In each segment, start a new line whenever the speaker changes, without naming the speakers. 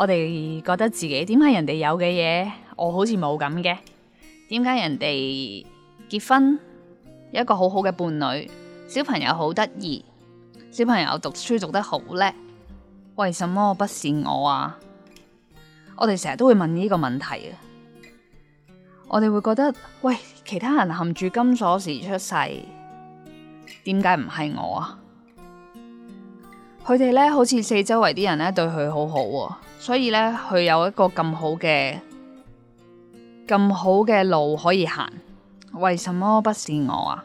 我哋覺得自己點解人哋有嘅嘢，我好似冇咁嘅？點解人哋結婚有一個好好嘅伴侶，小朋友好得意，小朋友讀書讀得好叻，為什麼不是我啊？我哋成日都會問呢個問題啊！我哋會覺得喂，其他人含住金鎖匙出世，點解唔係我啊？佢哋咧好似四周圍啲人咧，對佢好好喎，所以咧佢有一個咁好嘅咁好嘅路可以行。為什麼不是我啊？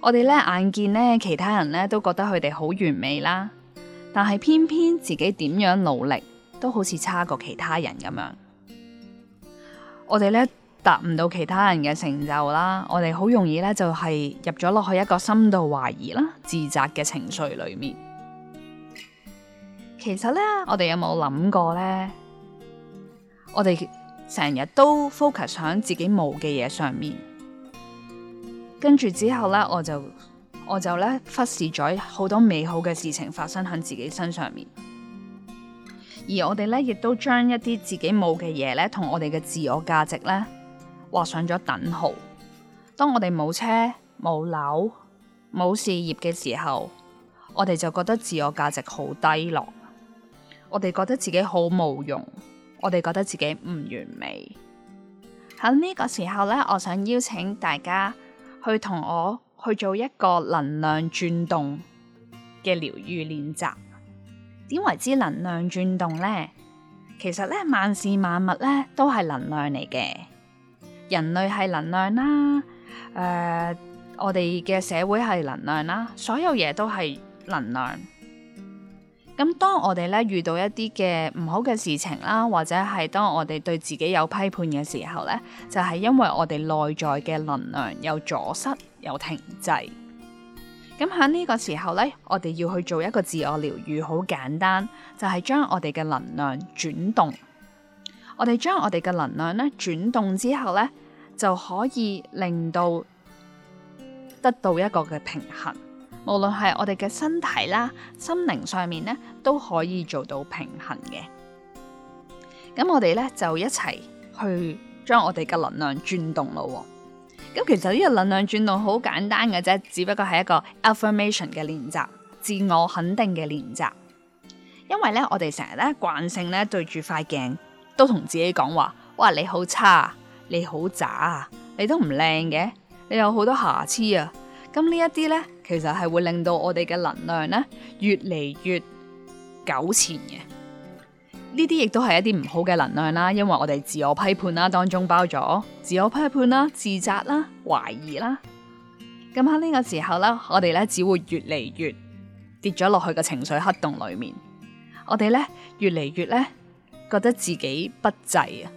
我哋咧眼見咧其他人咧都覺得佢哋好完美啦，但係偏偏自己點樣努力都好似差過其他人咁樣。我哋咧達唔到其他人嘅成就啦，我哋好容易咧就係入咗落去一個深度懷疑啦、自責嘅情緒裏面。其實咧，我哋有冇諗過呢？我哋成日都 focus 響自己冇嘅嘢上面，跟住之後咧，我就我就咧忽視咗好多美好嘅事情發生喺自己身上面。而我哋咧，亦都將一啲自己冇嘅嘢咧，同我哋嘅自我價值咧畫上咗等號。當我哋冇車、冇樓、冇事業嘅時候，我哋就覺得自我價值好低落。我哋覺得自己好無用，我哋覺得自己唔完美。喺呢個時候咧，我想邀請大家去同我去做一個能量轉動嘅療愈練習。點為之能量轉動呢？其實咧，萬事萬物咧都係能量嚟嘅。人類係能量啦，誒、呃，我哋嘅社會係能量啦，所有嘢都係能量。咁當我哋咧遇到一啲嘅唔好嘅事情啦，或者係當我哋對自己有批判嘅時候咧，就係因為我哋內在嘅能量有阻塞，有停滯。咁喺呢個時候咧，我哋要去做一個自我療愈，好簡單，就係將我哋嘅能量轉動。我哋將我哋嘅能量咧轉動之後咧，就可以令到得到一個嘅平衡。無論係我哋嘅身體啦、心靈上面咧，都可以做到平衡嘅。咁我哋咧就一齊去將我哋嘅能量轉動咯。咁其實呢個能量轉動好簡單嘅啫，只不過係一個 affirmation 嘅練習，自我肯定嘅練習。因為咧，我哋成日咧慣性咧對住塊鏡，都同自己講話：「哇，你好差，你好渣，你都唔靚嘅，你有好多瑕疵啊。咁呢一啲咧。其實係會令到我哋嘅能量咧越嚟越糾纏嘅呢啲，亦都係一啲唔好嘅能量啦。因為我哋自我批判啦，當中包咗自我批判啦、自責啦、懷疑啦。咁喺呢個時候咧，我哋咧只會越嚟越跌咗落去個情緒黑洞裏面。我哋咧越嚟越咧覺得自己不濟啊。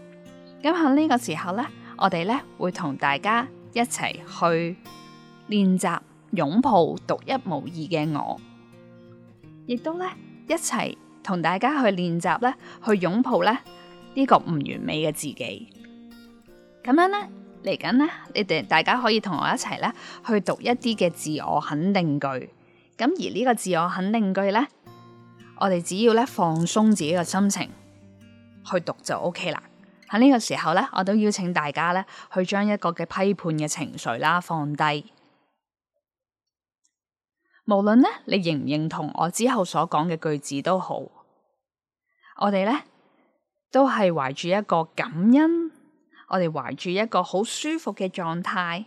咁喺呢個時候咧，我哋咧會同大家一齊去練習。擁抱獨一無二嘅我，亦都咧一齊同大家去練習咧，去擁抱咧呢個唔完美嘅自己。咁樣呢，嚟緊呢，你哋大家可以同我一齊咧去讀一啲嘅自我肯定句。咁而呢個自我肯定句呢，我哋只要咧放鬆自己嘅心情去讀就 OK 啦。喺呢個時候呢，我都邀請大家咧去將一個嘅批判嘅情緒啦放低。無論咧你認唔認同我之後所講嘅句子都好，我哋呢都係懷住一個感恩，我哋懷住一個好舒服嘅狀態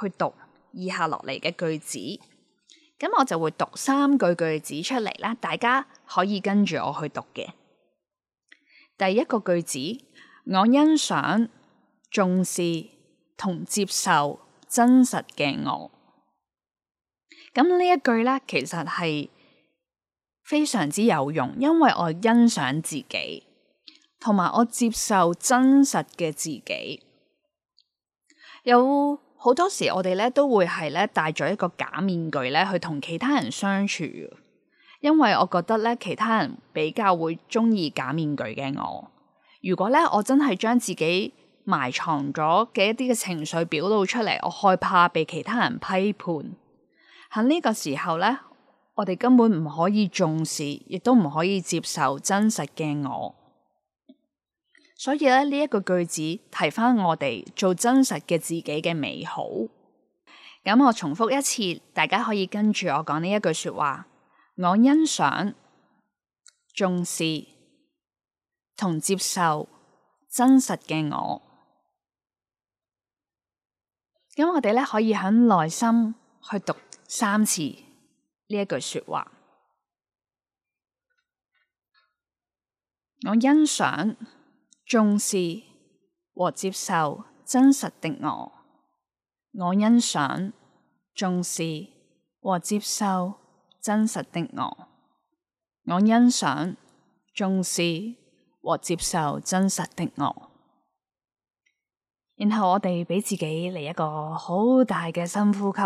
去讀以下落嚟嘅句子。咁我就會讀三句句子出嚟啦，大家可以跟住我去讀嘅。第一個句子，我欣賞、重視同接受真實嘅我。咁呢一句咧，其實係非常之有用，因為我欣賞自己，同埋我接受真實嘅自己。有好多時我呢，我哋咧都會係咧帶咗一個假面具咧去同其他人相處，因為我覺得咧其他人比較會中意假面具嘅我。如果咧我真係將自己埋藏咗嘅一啲嘅情緒表露出嚟，我害怕被其他人批判。喺呢個時候呢，我哋根本唔可以重視，亦都唔可以接受真實嘅我。所以咧，呢、這、一個句子提翻我哋做真實嘅自己嘅美好。咁、嗯、我重複一次，大家可以跟住我講呢一句說話：我欣賞、重視同接受真實嘅我。咁、嗯、我哋咧可以喺內心去讀。三次呢一句說話，我欣賞、重視和接受真實的我。我欣賞、重視和接受真實的我。我欣賞、重視和接受真實的我。然後我哋俾自己嚟一個好大嘅深呼吸。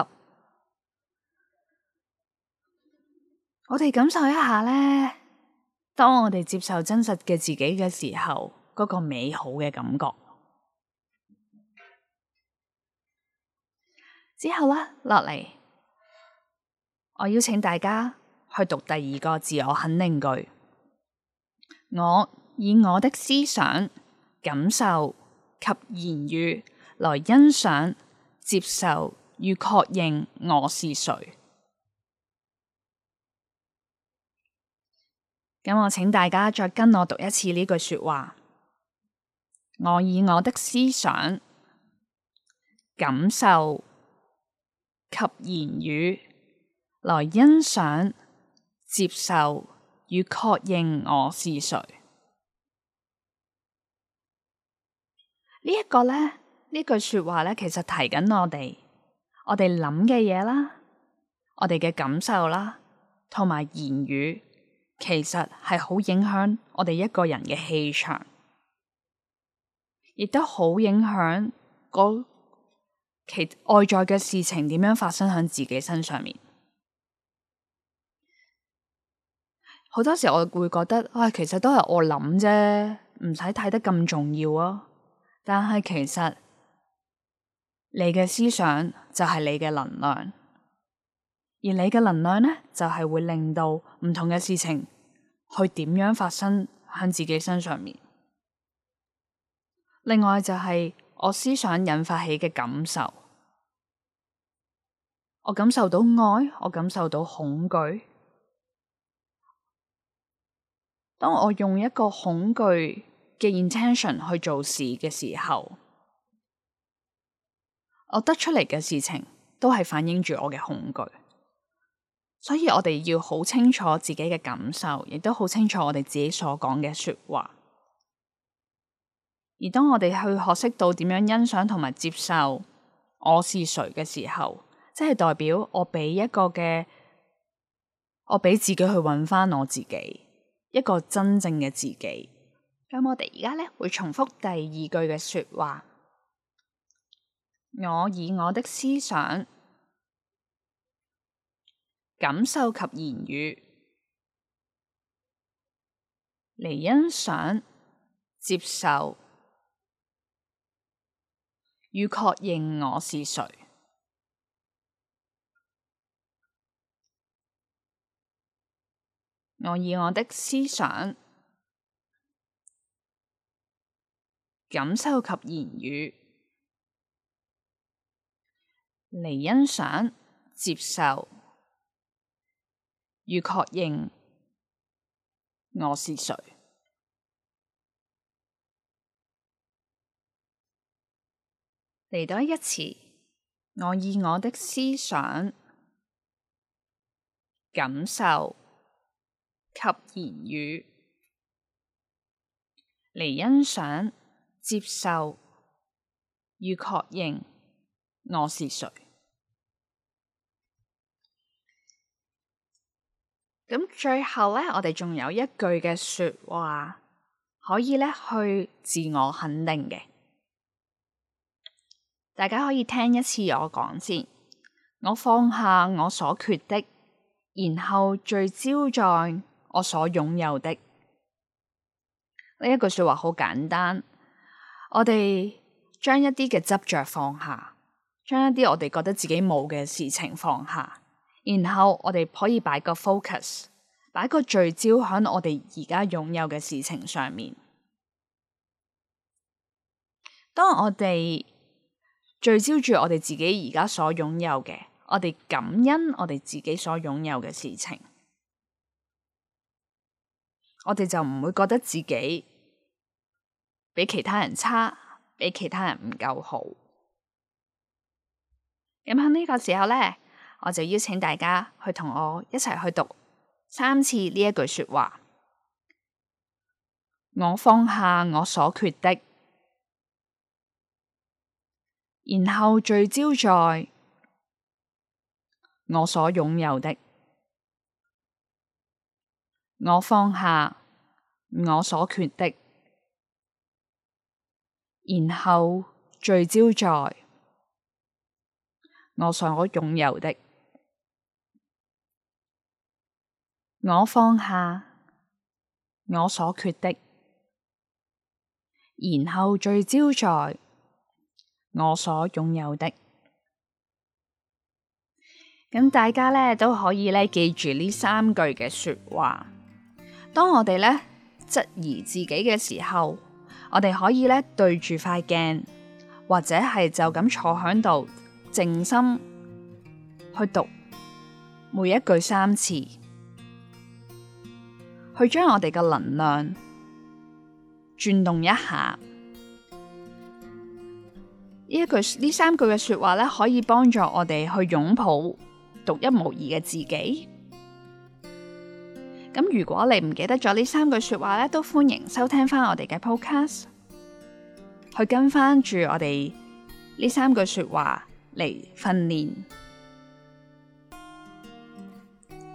我哋感受一下咧，當我哋接受真實嘅自己嘅時候，嗰個美好嘅感覺。之後啦，落嚟，我邀請大家去讀第二個自我肯定句。我以我的思想、感受及言語來欣賞、接受與確認我是誰。咁我請大家再跟我讀一次呢句說話。我以我的思想、感受及言語來欣賞、接受與確認我是誰。呢一個呢，呢句說話呢，其實提緊我哋，我哋諗嘅嘢啦，我哋嘅感受啦，同埋言語。其實係好影響我哋一個人嘅氣場，亦都好影響其外在嘅事情點樣發生響自己身上面。好多時我會覺得，唉，其實都係我諗啫，唔使睇得咁重要啊、哦。但係其實你嘅思想就係你嘅能量。而你嘅能量呢，就係會令到唔同嘅事情去點樣發生喺自己身上面。另外就係我思想引發起嘅感受，我感受到愛，我感受到恐懼。當我用一個恐懼嘅 intention 去做事嘅時候，我得出嚟嘅事情都係反映住我嘅恐懼。所以我哋要好清楚自己嘅感受，亦都好清楚我哋自己所講嘅說話。而當我哋去學識到點樣欣賞同埋接受我是誰嘅時候，即係代表我俾一個嘅，我俾自己去揾翻我自己，一個真正嘅自己。咁，我哋而家咧會重複第二句嘅說話：我以我的思想。感受及言語嚟欣賞、接受與確認我是誰。我以我的思想、感受及言語嚟欣賞、接受。與確認我是誰，嚟多一次。我以我的思想、感受及言語嚟欣賞、接受與確認我是誰。咁最後呢，我哋仲有一句嘅説話可以呢去自我肯定嘅，大家可以聽一次我講先。我放下我所缺的，然後聚焦在我所擁有的。呢一句説話好簡單，我哋將一啲嘅執着放下，將一啲我哋覺得自己冇嘅事情放下。然後我哋可以擺個 focus，擺個聚焦喺我哋而家擁有嘅事情上面。當我哋聚焦住我哋自己而家所擁有嘅，我哋感恩我哋自己所擁有嘅事情，我哋就唔會覺得自己比其他人差，比其他人唔夠好。咁喺呢個時候咧。我就邀請大家去同我一齊去讀三次呢一句說話。我放下我所缺的，然後聚焦在我所擁有的。我放下我所缺的，然後聚焦在我所擁有的。我放下我所缺的，然後聚焦在我所擁有的。咁大家咧都可以咧記住呢三句嘅說話。當我哋咧質疑自己嘅時候，我哋可以咧對住塊鏡，或者係就咁坐響度靜心去讀每一句三次。去將我哋嘅能量轉動一下，呢一句、呢三句嘅説話咧，可以幫助我哋去擁抱獨一無二嘅自己。咁如果你唔記得咗呢三句説話咧，都歡迎收聽翻我哋嘅 podcast，去跟翻住我哋呢三句説話嚟訓練。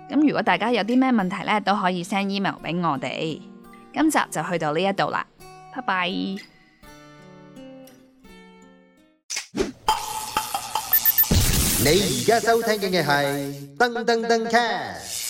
咁如果大家有啲咩問題咧，都可以 send email 俾我哋。今集就去到呢一度啦，拜拜。你而家收聽嘅係噔噔噔 cast。